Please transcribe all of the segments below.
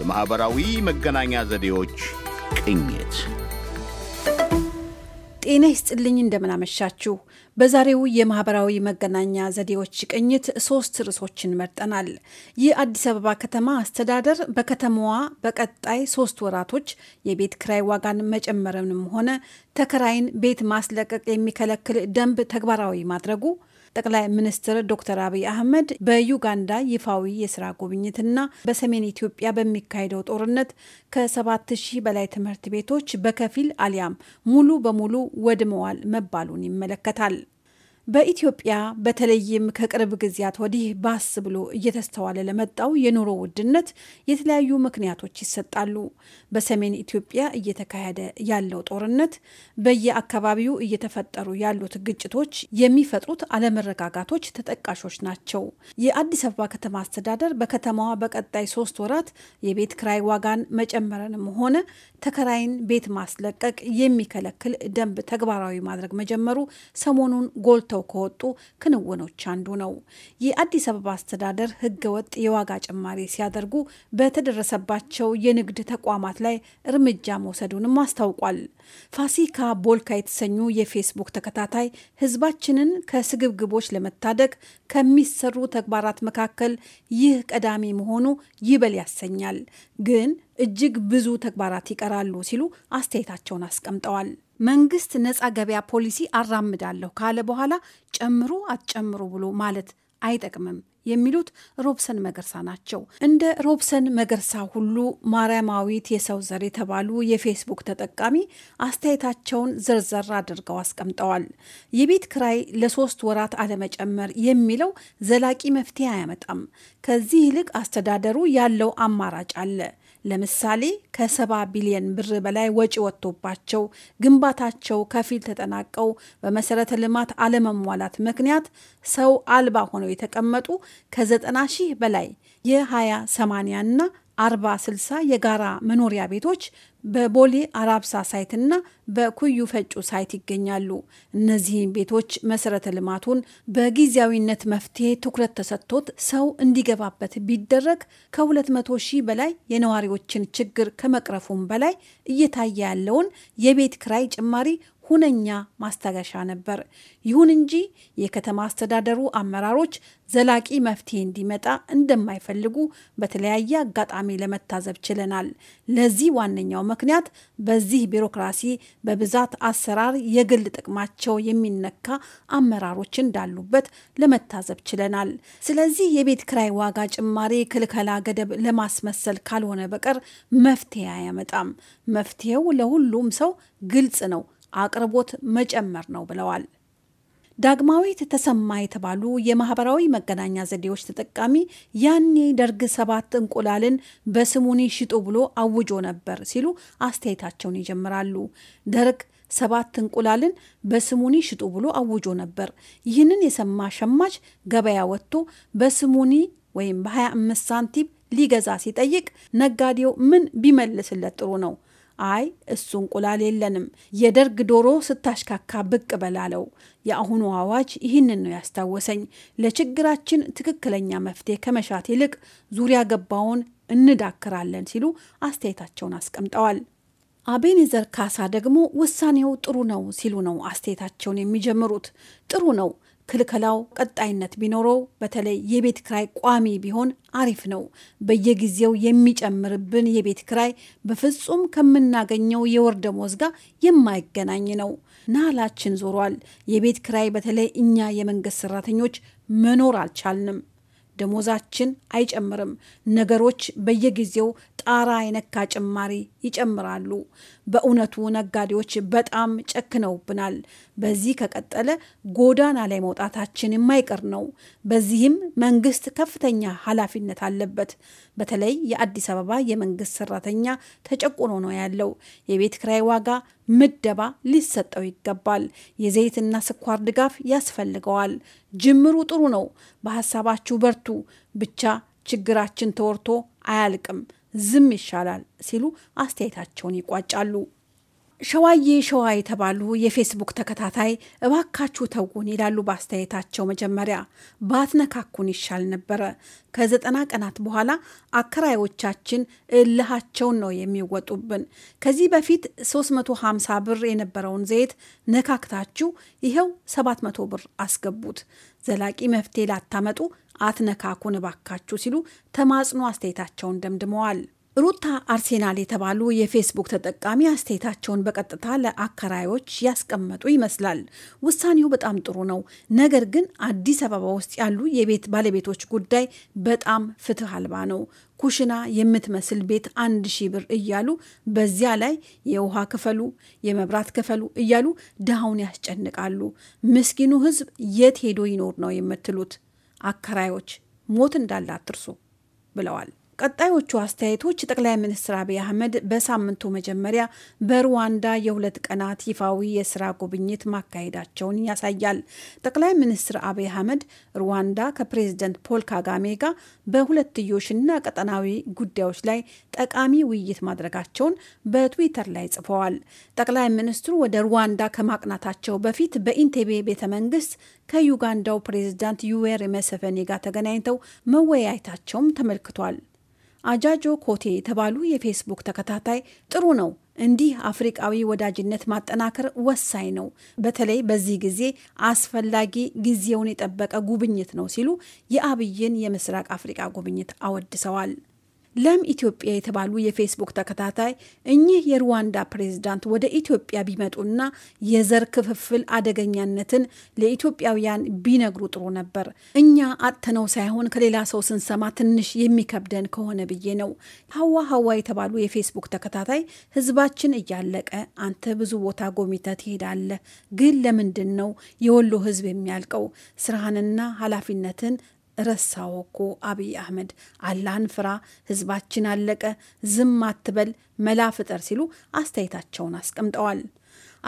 የማኅበራዊ መገናኛ ዘዴዎች ቅኝት። ጤና ይስጥልኝ፣ እንደምናመሻችሁ። በዛሬው የማህበራዊ መገናኛ ዘዴዎች ቅኝት ሶስት ርዕሶችን መርጠናል። የአዲስ አበባ ከተማ አስተዳደር በከተማዋ በቀጣይ ሶስት ወራቶች የቤት ክራይ ዋጋን መጨመርንም ሆነ ተከራይን ቤት ማስለቀቅ የሚከለክል ደንብ ተግባራዊ ማድረጉ ጠቅላይ ሚኒስትር ዶክተር አብይ አህመድ በዩጋንዳ ይፋዊ የስራ ጉብኝትና በሰሜን ኢትዮጵያ በሚካሄደው ጦርነት ከሰባት ሺህ በላይ ትምህርት ቤቶች በከፊል አሊያም ሙሉ በሙሉ ወድመዋል መባሉን ይመለከታል። በኢትዮጵያ በተለይም ከቅርብ ጊዜያት ወዲህ ባስ ብሎ እየተስተዋለ ለመጣው የኑሮ ውድነት የተለያዩ ምክንያቶች ይሰጣሉ። በሰሜን ኢትዮጵያ እየተካሄደ ያለው ጦርነት፣ በየአካባቢው እየተፈጠሩ ያሉት ግጭቶች የሚፈጥሩት አለመረጋጋቶች ተጠቃሾች ናቸው። የአዲስ አበባ ከተማ አስተዳደር በከተማዋ በቀጣይ ሶስት ወራት የቤት ክራይ ዋጋን መጨመርንም ሆነ ተከራይን ቤት ማስለቀቅ የሚከለክል ደንብ ተግባራዊ ማድረግ መጀመሩ ሰሞኑን ጎልተው ጎልተው ከወጡ ክንውኖች አንዱ ነው። የአዲስ አበባ አስተዳደር ወጥ የዋጋ ጭማሪ ሲያደርጉ በተደረሰባቸው የንግድ ተቋማት ላይ እርምጃ መውሰዱንም አስታውቋል። ፋሲካ ቦልካ የተሰኙ የፌስቡክ ተከታታይ ህዝባችንን ከስግብግቦች ለመታደግ ከሚሰሩ ተግባራት መካከል ይህ ቀዳሚ መሆኑ ይበል ያሰኛል፣ ግን እጅግ ብዙ ተግባራት ይቀራሉ ሲሉ አስተያየታቸውን አስቀምጠዋል። መንግስት ነፃ ገበያ ፖሊሲ አራምዳለሁ ካለ በኋላ ጨምሩ አትጨምሩ ብሎ ማለት አይጠቅምም የሚሉት ሮብሰን መገርሳ ናቸው። እንደ ሮብሰን መገርሳ ሁሉ ማርያማዊት የሰው ዘር የተባሉ የፌስቡክ ተጠቃሚ አስተያየታቸውን ዝርዝር አድርገው አስቀምጠዋል። የቤት ክራይ ለሶስት ወራት አለመጨመር የሚለው ዘላቂ መፍትሄ አያመጣም። ከዚህ ይልቅ አስተዳደሩ ያለው አማራጭ አለ ለምሳሌ ከ70 ቢሊየን ብር በላይ ወጪ ወጥቶባቸው ግንባታቸው ከፊል ተጠናቀው በመሰረተ ልማት አለመሟላት ምክንያት ሰው አልባ ሆነው የተቀመጡ ከ90 ሺህ በላይ የ20 80 እና አርባ ስልሳ የጋራ መኖሪያ ቤቶች በቦሌ አራብሳ ሳይትና በኩዩ ፈጩ ሳይት ይገኛሉ። እነዚህን ቤቶች መሰረተ ልማቱን በጊዜያዊነት መፍትሄ ትኩረት ተሰጥቶት ሰው እንዲገባበት ቢደረግ ከ200 ሺህ በላይ የነዋሪዎችን ችግር ከመቅረፉም በላይ እየታየ ያለውን የቤት ክራይ ጭማሪ ሁነኛ ማስታገሻ ነበር። ይሁን እንጂ የከተማ አስተዳደሩ አመራሮች ዘላቂ መፍትሄ እንዲመጣ እንደማይፈልጉ በተለያየ አጋጣሚ ለመታዘብ ችለናል። ለዚህ ዋነኛው ምክንያት በዚህ ቢሮክራሲ በብዛት አሰራር የግል ጥቅማቸው የሚነካ አመራሮች እንዳሉበት ለመታዘብ ችለናል። ስለዚህ የቤት ክራይ ዋጋ ጭማሪ ክልከላ ገደብ ለማስመሰል ካልሆነ በቀር መፍትሄ አያመጣም። መፍትሄው ለሁሉም ሰው ግልጽ ነው። አቅርቦት መጨመር ነው ብለዋል። ዳግማዊት ተሰማ የተባሉ የማህበራዊ መገናኛ ዘዴዎች ተጠቃሚ ያኔ ደርግ ሰባት እንቁላልን በስሙኒ ሽጡ ብሎ አውጆ ነበር ሲሉ አስተያየታቸውን ይጀምራሉ። ደርግ ሰባት እንቁላልን በስሙኒ ሽጡ ብሎ አውጆ ነበር። ይህንን የሰማ ሸማች ገበያ ወጥቶ በስሙኒ ወይም በ25 ሳንቲም ሊገዛ ሲጠይቅ ነጋዴው ምን ቢመልስለት ጥሩ ነው? አይ እሱ እንቁላል የለንም የደርግ ዶሮ ስታሽካካ ብቅ በላለው። የአሁኑ አዋጅ ይህንን ነው ያስታወሰኝ። ለችግራችን ትክክለኛ መፍትሄ ከመሻት ይልቅ ዙሪያ ገባውን እንዳክራለን ሲሉ አስተያየታቸውን አስቀምጠዋል። አቤኔዘር ካሳ ደግሞ ውሳኔው ጥሩ ነው ሲሉ ነው አስተያየታቸውን የሚጀምሩት። ጥሩ ነው ክልከላው ቀጣይነት ቢኖረው በተለይ የቤት ክራይ ቋሚ ቢሆን አሪፍ ነው። በየጊዜው የሚጨምርብን የቤት ክራይ በፍጹም ከምናገኘው የወር ጋር የማይገናኝ ነው። ናላችን ዞሯል። የቤት ክራይ በተለይ እኛ የመንግስት ሰራተኞች መኖር አልቻልንም። ደሞዛችን አይጨምርም። ነገሮች በየጊዜው ጣራ የነካ ጭማሪ ይጨምራሉ። በእውነቱ ነጋዴዎች በጣም ጨክነውብናል። በዚህ ከቀጠለ ጎዳና ላይ መውጣታችን የማይቀር ነው። በዚህም መንግስት ከፍተኛ ኃላፊነት አለበት። በተለይ የአዲስ አበባ የመንግስት ሰራተኛ ተጨቁኖ ነው ያለው። የቤት ክራይ ዋጋ ምደባ ሊሰጠው ይገባል። የዘይትና ስኳር ድጋፍ ያስፈልገዋል። ጅምሩ ጥሩ ነው። በሀሳባችሁ በርቱ በርቱ፣ ብቻ ችግራችን ተወርቶ አያልቅም፣ ዝም ይሻላል ሲሉ አስተያየታቸውን ይቋጫሉ። ሸዋዬ ሸዋ የተባሉ የፌስቡክ ተከታታይ እባካችሁ ተውን ይላሉ በአስተያየታቸው። መጀመሪያ ባትነካኩን ይሻል ነበረ። ከዘጠና ቀናት በኋላ አከራዮቻችን እልሃቸውን ነው የሚወጡብን። ከዚህ በፊት 350 ብር የነበረውን ዘይት ነካክታችሁ ይኸው 700 ብር አስገቡት። ዘላቂ መፍትሄ ላታመጡ አትነካኩን እባካችሁ ሲሉ ተማጽኖ አስተያየታቸውን ደምድመዋል። ሩታ አርሴናል የተባሉ የፌስቡክ ተጠቃሚ አስተያየታቸውን በቀጥታ ለአከራዮች ያስቀመጡ ይመስላል። ውሳኔው በጣም ጥሩ ነው፣ ነገር ግን አዲስ አበባ ውስጥ ያሉ የቤት ባለቤቶች ጉዳይ በጣም ፍትህ አልባ ነው። ኩሽና የምትመስል ቤት አንድ ሺህ ብር እያሉ በዚያ ላይ የውሃ ክፈሉ፣ የመብራት ክፈሉ እያሉ ድሃውን ያስጨንቃሉ። ምስኪኑ ህዝብ የት ሄዶ ይኖር ነው የምትሉት አከራዮች ሞት እንዳለ አትርሱ ብለዋል። ቀጣዮቹ አስተያየቶች ጠቅላይ ሚኒስትር አብይ አህመድ በሳምንቱ መጀመሪያ በሩዋንዳ የሁለት ቀናት ይፋዊ የስራ ጉብኝት ማካሄዳቸውን ያሳያል። ጠቅላይ ሚኒስትር አብይ አህመድ ሩዋንዳ ከፕሬዝደንት ፖል ካጋሜ ጋር በሁለትዮሽና ቀጠናዊ ጉዳዮች ላይ ጠቃሚ ውይይት ማድረጋቸውን በትዊተር ላይ ጽፈዋል። ጠቅላይ ሚኒስትሩ ወደ ሩዋንዳ ከማቅናታቸው በፊት በኢንቴቤ ቤተ መንግስት ከዩጋንዳው ፕሬዝዳንት ዩዌሪ ሙሴቬኒ ጋር ተገናኝተው መወያየታቸውም ተመልክቷል። አጃጆ ኮቴ የተባሉ የፌስቡክ ተከታታይ ጥሩ ነው እንዲህ አፍሪቃዊ ወዳጅነት ማጠናከር ወሳኝ ነው፣ በተለይ በዚህ ጊዜ አስፈላጊ ጊዜውን የጠበቀ ጉብኝት ነው ሲሉ የአብይን የምስራቅ አፍሪቃ ጉብኝት አወድሰዋል። ለም ኢትዮጵያ የተባሉ የፌስቡክ ተከታታይ እኚህ የሩዋንዳ ፕሬዝዳንት ወደ ኢትዮጵያ ቢመጡና የዘር ክፍፍል አደገኛነትን ለኢትዮጵያውያን ቢነግሩ ጥሩ ነበር። እኛ አጥተነው ሳይሆን ከሌላ ሰው ስንሰማ ትንሽ የሚከብደን ከሆነ ብዬ ነው። ሀዋ ሀዋ የተባሉ የፌስቡክ ተከታታይ ህዝባችን እያለቀ አንተ ብዙ ቦታ ጎሚተ ትሄዳለህ፣ ግን ለምንድን ነው የወሎ ህዝብ የሚያልቀው? ስራህንና ኃላፊነትን ረሳው እኮ አብይ አህመድ። አላህን ፍራ፣ ህዝባችን አለቀ፣ ዝም አትበል፣ መላ ፍጠር ሲሉ አስተያየታቸውን አስቀምጠዋል።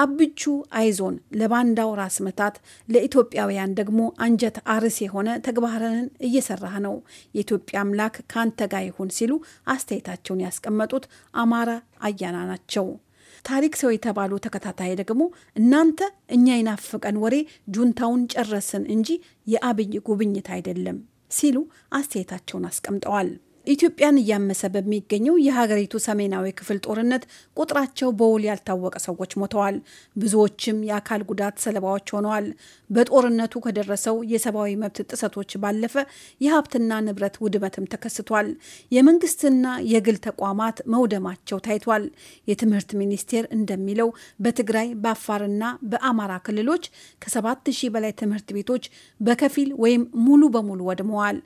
አብቹ አይዞን፣ ለባንዳው ራስ መታት፣ ለኢትዮጵያውያን ደግሞ አንጀት አርስ የሆነ ተግባርን እየሰራህ ነው፣ የኢትዮጵያ አምላክ ከአንተ ጋር ይሁን ሲሉ አስተያየታቸውን ያስቀመጡት አማራ አያና ናቸው። ታሪክ ሰው የተባሉ ተከታታይ ደግሞ እናንተ እኛ ይናፍቀን ወሬ ጁንታውን ጨረስን እንጂ የአብይ ጉብኝት አይደለም ሲሉ አስተያየታቸውን አስቀምጠዋል። ኢትዮጵያን እያመሰ በሚገኘው የሀገሪቱ ሰሜናዊ ክፍል ጦርነት ቁጥራቸው በውል ያልታወቀ ሰዎች ሞተዋል። ብዙዎችም የአካል ጉዳት ሰለባዎች ሆነዋል። በጦርነቱ ከደረሰው የሰብአዊ መብት ጥሰቶች ባለፈ የሀብትና ንብረት ውድመትም ተከስቷል። የመንግስትና የግል ተቋማት መውደማቸው ታይቷል። የትምህርት ሚኒስቴር እንደሚለው በትግራይ በአፋርና በአማራ ክልሎች ከሰባት ሺህ በላይ ትምህርት ቤቶች በከፊል ወይም ሙሉ በሙሉ ወድመዋል።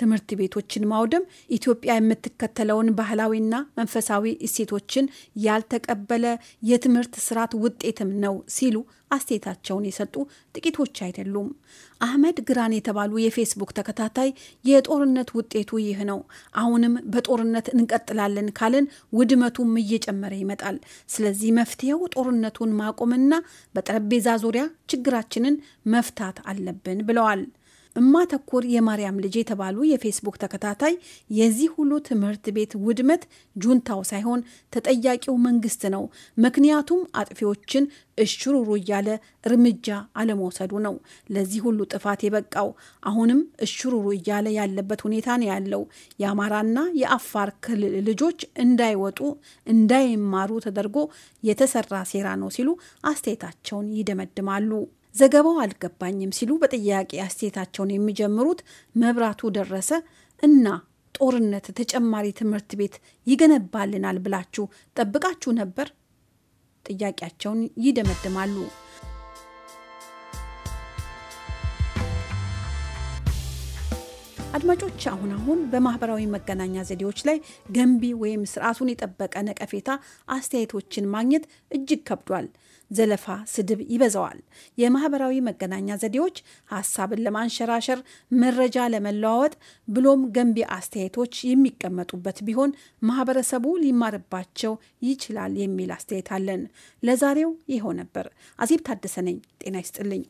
ትምህርት ቤቶችን ማውደም ኢትዮጵያ የምትከተለውን ባህላዊና መንፈሳዊ እሴቶችን ያልተቀበለ የትምህርት ስርዓት ውጤትም ነው ሲሉ አስተያየታቸውን የሰጡ ጥቂቶች አይደሉም። አህመድ ግራን የተባሉ የፌስቡክ ተከታታይ የጦርነት ውጤቱ ይህ ነው። አሁንም በጦርነት እንቀጥላለን ካልን ውድመቱም እየጨመረ ይመጣል። ስለዚህ መፍትሄው ጦርነቱን ማቆምና በጠረጴዛ ዙሪያ ችግራችንን መፍታት አለብን ብለዋል። እማተኮር የማርያም ልጅ የተባሉ የፌስቡክ ተከታታይ የዚህ ሁሉ ትምህርት ቤት ውድመት ጁንታው ሳይሆን ተጠያቂው መንግስት ነው፣ ምክንያቱም አጥፊዎችን እሽሩሩ እያለ እርምጃ አለመውሰዱ ነው ለዚህ ሁሉ ጥፋት የበቃው። አሁንም እሽሩሩ እያለ ያለበት ሁኔታ ነው ያለው። የአማራና የአፋር ክልል ልጆች እንዳይወጡ እንዳይማሩ ተደርጎ የተሰራ ሴራ ነው ሲሉ አስተያየታቸውን ይደመድማሉ። ዘገባው አልገባኝም ሲሉ በጥያቄ አስተያየታቸውን የሚጀምሩት መብራቱ ደረሰ እና ጦርነት ተጨማሪ ትምህርት ቤት ይገነባልናል ብላችሁ ጠብቃችሁ ነበር? ጥያቄያቸውን ይደመድማሉ። አድማጮች አሁን አሁን በማህበራዊ መገናኛ ዘዴዎች ላይ ገንቢ ወይም ስርዓቱን የጠበቀ ነቀፌታ አስተያየቶችን ማግኘት እጅግ ከብዷል። ዘለፋ፣ ስድብ ይበዛዋል። የማህበራዊ መገናኛ ዘዴዎች ሀሳብን ለማንሸራሸር፣ መረጃ ለመለዋወጥ ብሎም ገንቢ አስተያየቶች የሚቀመጡበት ቢሆን ማህበረሰቡ ሊማርባቸው ይችላል የሚል አስተያየት አለን። ለዛሬው ይኸው ነበር። አዜብ ታደሰ ነኝ። ጤና ይስጥልኝ።